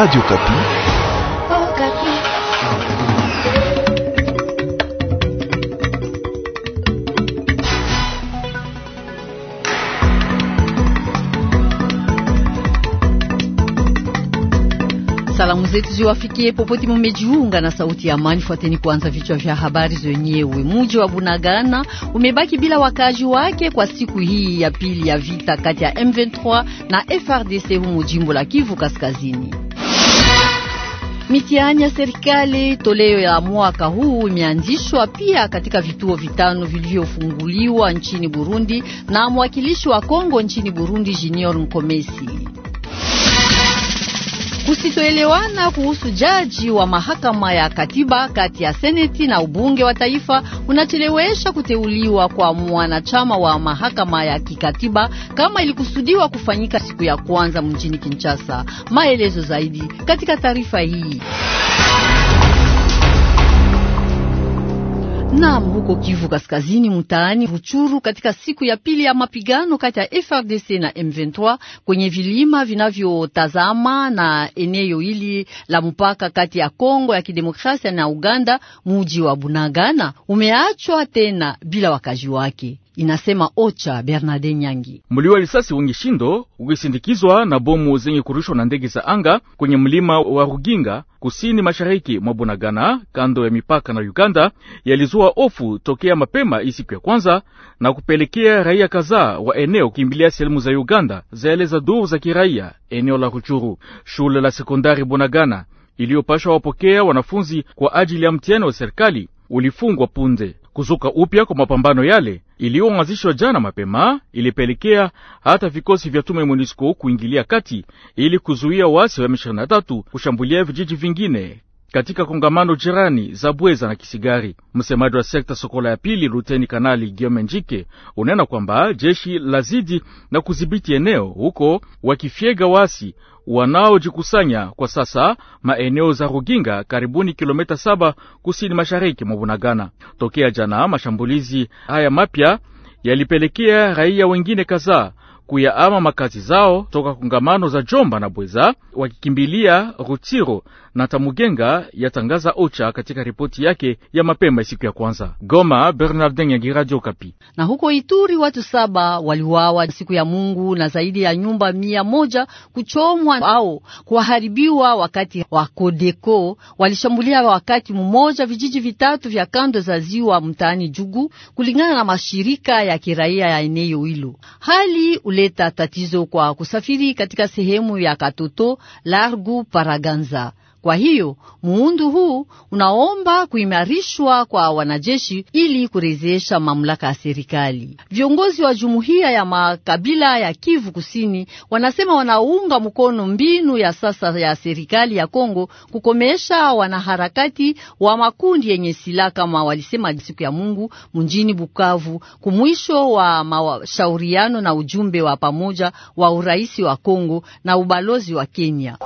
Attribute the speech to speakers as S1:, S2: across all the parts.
S1: Radio Kapi. Oh,
S2: Kapi.
S3: Salamu zetu ziwafikie popote mumejiunga na sauti ya amani. Fuateni kwanza vichwa vya habari zenyewe. Mji wa Bunagana umebaki bila wakaji wake kwa siku hii ya pili ya vita kati ya M23 na FRDC humu jimbo la Kivu Kaskazini. Mitihani ya serikali toleo ya mwaka huu imeanzishwa pia katika vituo vitano vilivyofunguliwa nchini Burundi na mwakilishi wa Kongo nchini Burundi Junior Nkomesi. Kusichoelewana kuhusu jaji wa mahakama ya katiba kati ya seneti na ubunge wa taifa unachelewesha kuteuliwa kwa mwanachama wa mahakama ya kikatiba kama ilikusudiwa kufanyika siku ya kwanza mjini Kinshasa. Maelezo zaidi katika taarifa hii. Nam huko Kivu Kaskazini, mtaani Ruchuru, katika siku ya pili ya mapigano kati ya FRDC na M23 kwenye vilima vinavyotazama na eneo hili la mpaka kati ya Kongo ya Kidemokrasia na Uganda, muji wa Bunagana umeachwa tena bila wakazi wake inasema Ocha Bernarde Nyangi.
S4: Mlio wa risasi shindo ukisindikizwa na bomu zenye kurushwa na ndege za anga kwenye mlima wa Ruginga kusini mashariki mwa Bunagana kando ya mipaka na Uganda yalizua ofu tokea mapema isiku ya kwanza na kupelekea raia kadhaa wa eneo kukimbilia sehemu za Uganda, zaeleza duru za kiraia eneo la Ruchuru. Shule la sekondari Bunagana iliyopashwa wapokea wanafunzi kwa ajili ya mtihani wa serikali ulifungwa punde. Kuzuka upya kwa mapambano yale iliyoanzishwa jana mapema ilipelekea hata vikosi vya tume MONUSCO kuingilia kati ili kuzuia waasi wa M23 kushambulia vijiji vingine katika kongamano jirani za Bweza na Kisigari. Msemaji wa sekta Sokola ya pili luteni kanali Giome Njike unena kwamba jeshi lazidi na kudhibiti eneo huko wakifyega wasi wanaojikusanya kwa sasa maeneo za Ruginga karibuni kilomita saba kusini mashariki mwa Bunagana. Tokea jana mashambulizi haya mapya yalipelekea raia wengine kadhaa kuyaama makazi zao toka kongamano za Jomba na Bweza wakikimbilia Rutiro Natamugenga yatangaza ocha katika ripoti yake ya mapema siku ya kwanza. Goma, Bernardin Yagira, Radio Okapi.
S3: Na huko Ituri watu saba waliuawa siku ya Mungu na zaidi ya nyumba mia moja kuchomwa au kuharibiwa wakati wa Kodeko walishambulia wakati mmoja vijiji vitatu vya kando za ziwa mtaani Jugu, kulingana na mashirika ya kiraia ya eneo hilo. Hali uleta tatizo kwa kusafiri katika sehemu ya Katoto, Largu, Paraganza. Kwa hiyo muundo huu unaomba kuimarishwa kwa wanajeshi ili kurejesha mamlaka ya serikali. Viongozi wa jumuiya ya makabila ya Kivu Kusini wanasema wanaunga mkono mbinu ya sasa ya serikali ya Kongo kukomesha wanaharakati wa makundi yenye silaha, kama walisema siku ya Mungu mjini Bukavu, kumwisho wa mashauriano na ujumbe wa pamoja wa urais wa Kongo na ubalozi wa Kenya.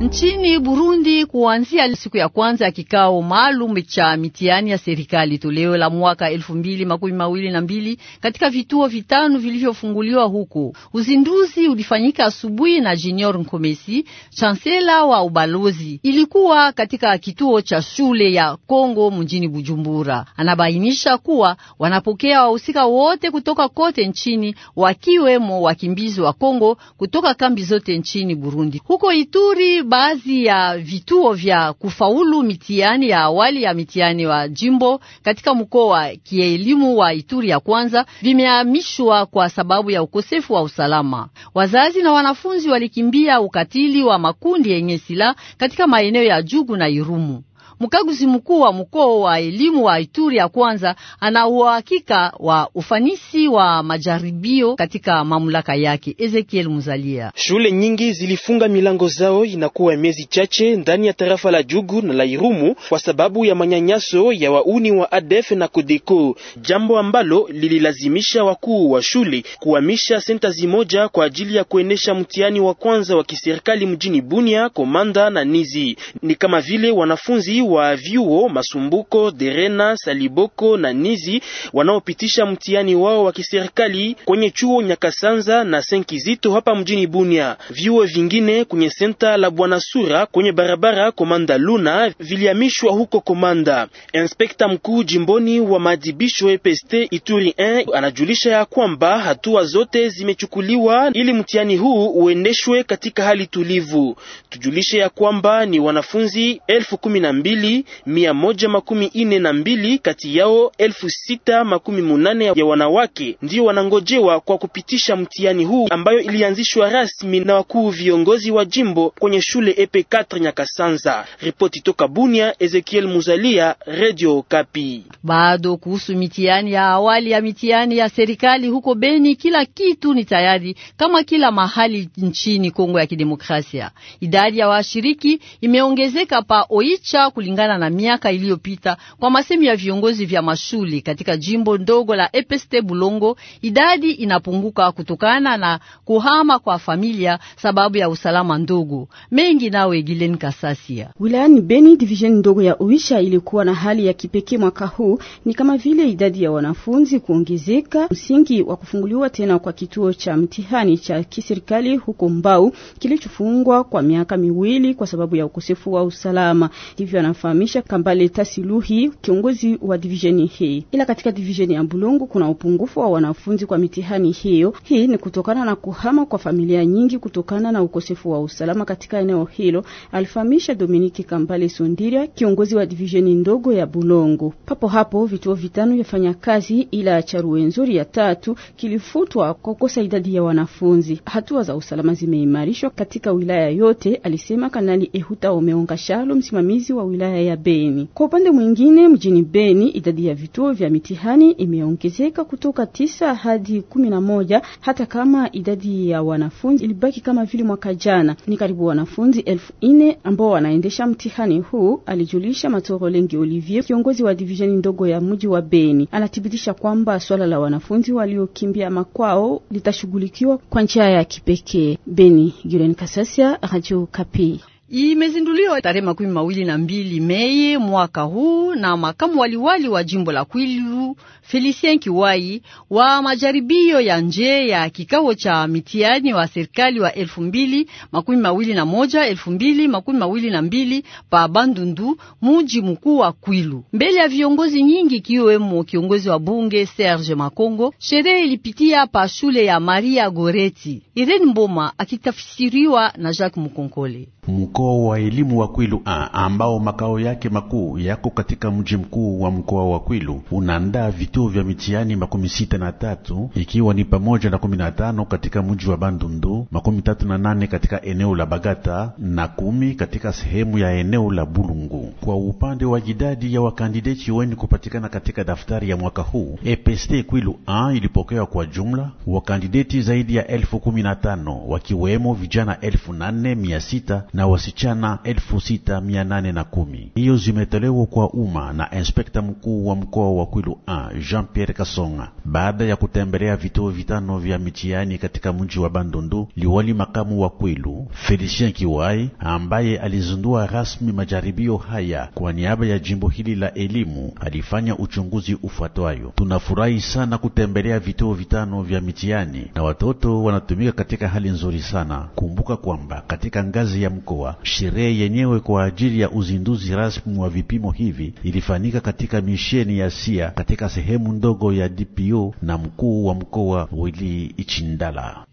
S3: Nchini Burundi kuanzia siku ya kwanza ya kikao maalum cha mitihani ya serikali toleo la mwaka elfu mbili makumi mawili na mbili katika vituo vitano vilivyofunguliwa huko. Uzinduzi ulifanyika asubuhi na Junior Nkomesi, chansela wa ubalozi. Ilikuwa katika kituo cha shule ya Kongo mjini Bujumbura. Anabainisha kuwa wanapokea wahusika wote kutoka kote nchini, wakiwemo wakimbizi wa Kongo kutoka kambi zote nchini Burundi. Huko Ituri baadhi ya vituo vya kufaulu mitihani ya awali ya mitihani wa jimbo katika mkoa wa kielimu wa Ituri ya kwanza vimehamishwa kwa sababu ya ukosefu wa usalama. Wazazi na wanafunzi walikimbia ukatili wa makundi yenye silaha katika maeneo ya Jugu na Irumu. Mkaguzi mkuu wa mkoa wa elimu wa Ituri ya kwanza ana uhakika wa ufanisi wa majaribio katika mamlaka yake. Ezekiel Muzalia.
S2: Shule nyingi zilifunga milango zao inakuwa miezi chache ndani ya tarafa la Jugu na la Irumu kwa sababu ya manyanyaso ya wauni wa ADF na Kodeko, jambo ambalo lililazimisha wakuu wa shule kuhamisha senta zimoja kwa ajili ya kuenesha mtihani wa kwanza wa kiserikali mjini Bunia, Komanda na Nizi. Ni kama vile wanafunzi wa vyuo Masumbuko, Derena, Saliboko na Nizi wanaopitisha mtihani wao wa kiserikali kwenye chuo Nyakasanza na Senkizito hapa mjini Bunia. Vyuo vingine kwenye senta la Bwana Sura kwenye barabara Komanda Luna vilihamishwa huko Komanda. Inspekta mkuu jimboni wa maadhibisho EPST Ituri 1 anajulisha ya kwamba hatua zote zimechukuliwa ili mtihani huu uendeshwe katika hali tulivu. Tujulishe ya kwamba ni wanafunzi elfu kumi na mbili mbili mia moja makumi ine na mbili kati yao elfu sita makumi munane ya wanawake ndio wanangojewa kwa kupitisha mtihani huu ambayo ilianzishwa rasmi na wakuu viongozi wa jimbo kwenye shule EP4 Nyakasanza. Ripoti toka Bunia, Ezekiel Muzalia, Radio Kapi.
S3: Bado kuhusu mitihani ya awali ya mitihani ya serikali huko Beni, kila kitu ni tayari kama kila mahali nchini Kongo ya Kidemokrasia. Idadi ya washiriki imeongezeka pa Oicha kulingana kulingana na miaka iliyopita. Kwa masemi ya viongozi vya mashule katika jimbo ndogo la Epeste Bulongo, idadi inapunguka kutokana na kuhama kwa familia sababu ya usalama ndogo. Mengi nawe Gilen Kasasia.
S5: Wilayani Beni, division ndogo ya Uisha ilikuwa na hali ya kipekee mwaka huu, ni kama vile idadi ya wanafunzi kuongezeka, msingi wa kufunguliwa tena kwa kituo cha mtihani cha kiserikali huko Mbau kilichofungwa kwa miaka miwili kwa sababu ya ukosefu wa usalama. Hivyo kumfahamisha Kambale Tasiluhi, kiongozi wa divisheni hii. Ila katika divisheni ya Bulongo kuna upungufu wa wanafunzi kwa mitihani hiyo. Hii ni kutokana na kuhama kwa familia nyingi kutokana na ukosefu wa usalama katika eneo hilo, alifahamisha Dominiki Kambale Sondiria, kiongozi wa divisheni ndogo ya Bulongo. Papo hapo vituo vitano vyafanya kazi, ila cha nzuri ya tatu kilifutwa kwa kukosa idadi ya wanafunzi. Hatua za usalama zimeimarishwa katika wilaya yote, alisema Kanali Ehuta Omeonga Shalo, msimamizi wa wilaya wilaya ya Beni. Kwa upande mwingine, mjini Beni idadi ya vituo vya mitihani imeongezeka kutoka tisa hadi kumi na moja hata kama idadi ya wanafunzi ilibaki kama vile mwaka jana, ni karibu wanafunzi elfu nne ambao wanaendesha mtihani huu, alijulisha Matoro Lengi Olivier, kiongozi wa divisheni ndogo ya mji wa Beni. Anathibitisha kwamba swala la wanafunzi waliokimbia makwao litashughulikiwa kwa njia ya kipekee. Beni, Gilen Kasasia, Radio Kapi
S3: imezinduliwa tarehe makumi mawili na mbili Mei mwaka huu na makamu waliwali wa jimbo la Kwilu Felicien Kiwai wa majaribio ya nje ya kikao cha mitihani wa serikali wa elfu mbili makumi mawili na moja elfu mbili makumi mawili na mbili pa Bandundu, muji mkuu wa Kwilu, mbele ya viongozi nyingi kiwemo kiongozi wa bunge Serge Makongo. Sherehe ilipitia pa shule ya Maria Goreti. Irene Mboma akitafsiriwa na Jacques Mukonkole.
S1: Mkoa wa elimu wa Kwilu A ambao makao yake makuu yako katika mji mkuu wa mkoa wa Kwilu unaandaa vituo vya mitihani makumi sita na tatu ikiwa ni pamoja na kumi na tano katika mji wa Bandundu, makumi tatu na nane katika eneo la Bagata na kumi katika sehemu ya eneo la Bulungu. Kwa upande wa idadi ya wakandideti wenye kupatikana katika daftari ya mwaka huu, EPST Kwilu A ilipokewa kwa jumla wakandideti zaidi ya elfu kumi na tano wakiwemo vijana elfu nane mia sita na wasichana elfu sita na kumi. Hiyo zimetolewa kwa umma na inspekta mkuu wa mkoa wa Kwilu a Jean Pierre Kasonga baada ya kutembelea vituo vitano vya mitihani katika mji wa Bandundu. Liwali makamu wa Kwilu Felicien Kiwai, ambaye alizindua rasmi majaribio haya kwa niaba ya jimbo hili la elimu, alifanya uchunguzi ufuatwayo: tunafurahi sana kutembelea vituo vitano vya mitihani na watoto wanatumika katika hali nzuri sana. Kumbuka kwamba katika ngazi ya mkoa. Sherehe yenyewe kwa ajili ya uzinduzi rasmi wa vipimo hivi ilifanyika katika misheni ya Sia katika sehemu ndogo ya DPO na mkuu wa mkoa Wili Ichindala.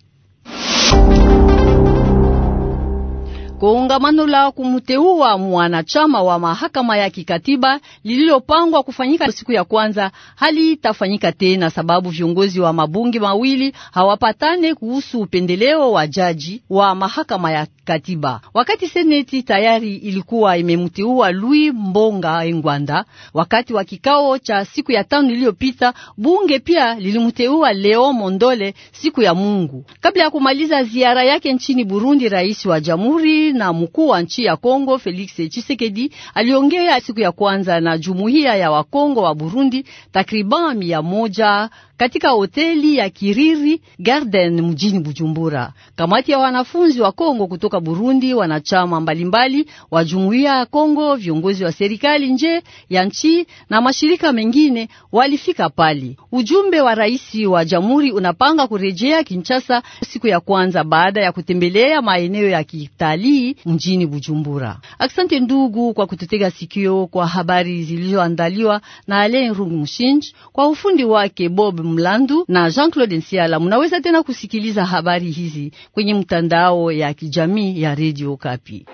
S3: Kongamano la kumteua mwanachama wa mahakama ya kikatiba lililopangwa kufanyika siku ya kwanza halitafanyika tena, sababu viongozi wa mabunge mawili hawapatane kuhusu upendeleo wa jaji wa mahakama ya katiba. Wakati seneti tayari ilikuwa imemteua Louis Mbonga Engwanda wakati wa kikao cha siku ya tano iliyopita, bunge pia lilimteua Leo Mondole siku ya Mungu kabla ya kumaliza ziara yake nchini Burundi. Rais wa jamhuri na mkuu wa nchi ya Kongo Felix Tshisekedi aliongea siku ya kwanza na jumuiya ya Wakongo wa Burundi takriban mia moja katika hoteli ya Kiriri Garden mjini Bujumbura. Kamati ya wanafunzi wa Kongo kutoka Burundi, wanachama mbalimbali wa jumuiya ya Kongo, viongozi wa serikali nje ya nchi na mashirika mengine walifika pali. Ujumbe wa rais wa jamhuri unapanga kurejea Kinshasa siku ya kwanza baada ya kutembelea maeneo ya kitalii mjini Bujumbura. Asante ndugu kwa kututega sikio kwa habari zilizoandaliwa na Alain Rungu kwa ufundi wake Bob Mlandu na Jean-Claude Nsiala. Mnaweza tena kusikiliza habari hizi kwenye mtandao ya kijamii ya Radio Kapi.